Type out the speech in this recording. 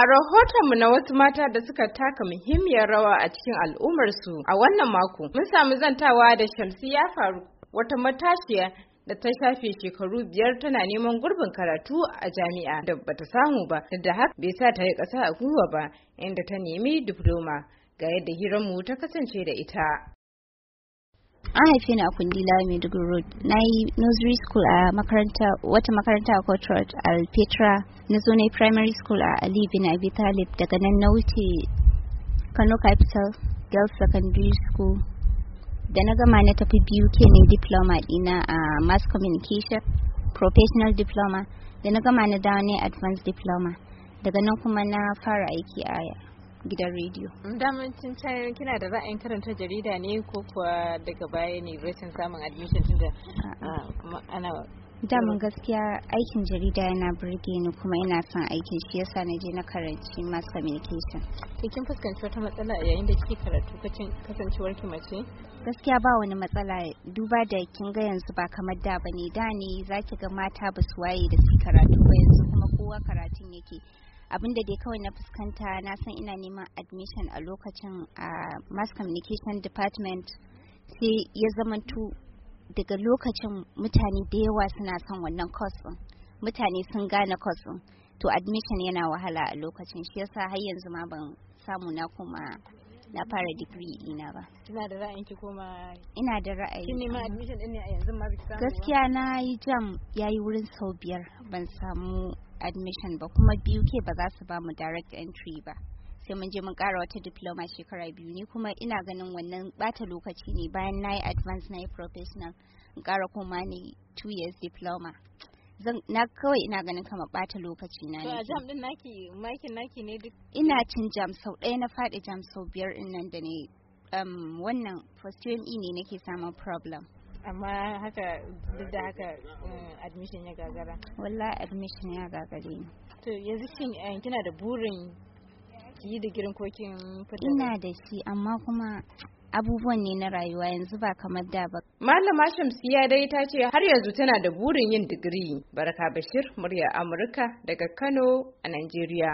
A rahotonmu na wasu mata da suka taka muhimmiyar rawa a cikin al'ummarsu a wannan mako, mun samu zantawa da shamsi, ya faru. wata matashiya da ta shafe shekaru biyar tana neman gurbin karatu a jami'a da bata samu ba, da haka bai sa ta yi ƙasa a gwiwa ba, inda ta nemi diploma. Ga yadda hiranmu ta kasance da ita. an haife ni a kundila maiduguri road na yi nursery school a makaranta wata makaranta a cotrod alpetra na Zonai na primary school a ali bin abi talib daga nan na wuce kano capital girls secondary school da na gama na tafi biyu kenan diploma dina a mass communication professional diploma da na gama na dawo ne advanced diploma daga nan kuma na fara aiki a gidan rediyo. Mm, daman cin kina da ra'ayin karanta jarida ne ko kuwa daga baya ne rashin samun admission tunda ah, ana daman gaskiya aikin jarida yana burge ni kuma ina son aikin shi yasa na je na karanci mass communication to kin fuskanci wata matsala yayin da kike karatu kasancewar ki mace gaskiya ba wani matsala duba da kin ga yanzu ba kamar da bane da ne zaki ga mata ba su waye da su karatu ba yanzu kuma kowa karatun yake abinda dai kawai na fuskanta na san ina neman admission a lokacin a mass communication department sai ya zamantu daga lokacin mutane da yawa suna son wannan course din mutane sun gane course din to admission yana wahala a lokacin shi yasa har yanzu ma ban samu na kuma na fara degree ina ba. Ina da ra'ayin ki koma ina da ra'ayi. Kin neman admission din ne a yanzu ma biki samu. Gaskiya na yi jam yayi wurin sau biyar ban samu admission ba kuma ke ba za su ba mu direct entry ba sai mun je mun kara wata diploma shekara biyu ni kuma ina ganin wannan bata lokaci ne bayan na yi advance na yi professional in kara kuma ne two years diploma zan na kawai ina ganin kama bata lokaci na ne. jam din naki makin naki ne duk ina cin jam sau ɗaya na faɗi jam sau biyar in nan da ne um, wannan first year ne nake samun problem amma haka duk da haka mm, admission ya gagara wallahi admission ya gagare ni to yanzu shin eh, kina da burin ki yi digirin ko kin fita ina da shi amma kuma abubuwan ne na rayuwa yanzu ba kamar da ba malama shamsiya dai ta ce har yanzu tana da burin yin digiri barka bashir murya amurka daga kano a najeriya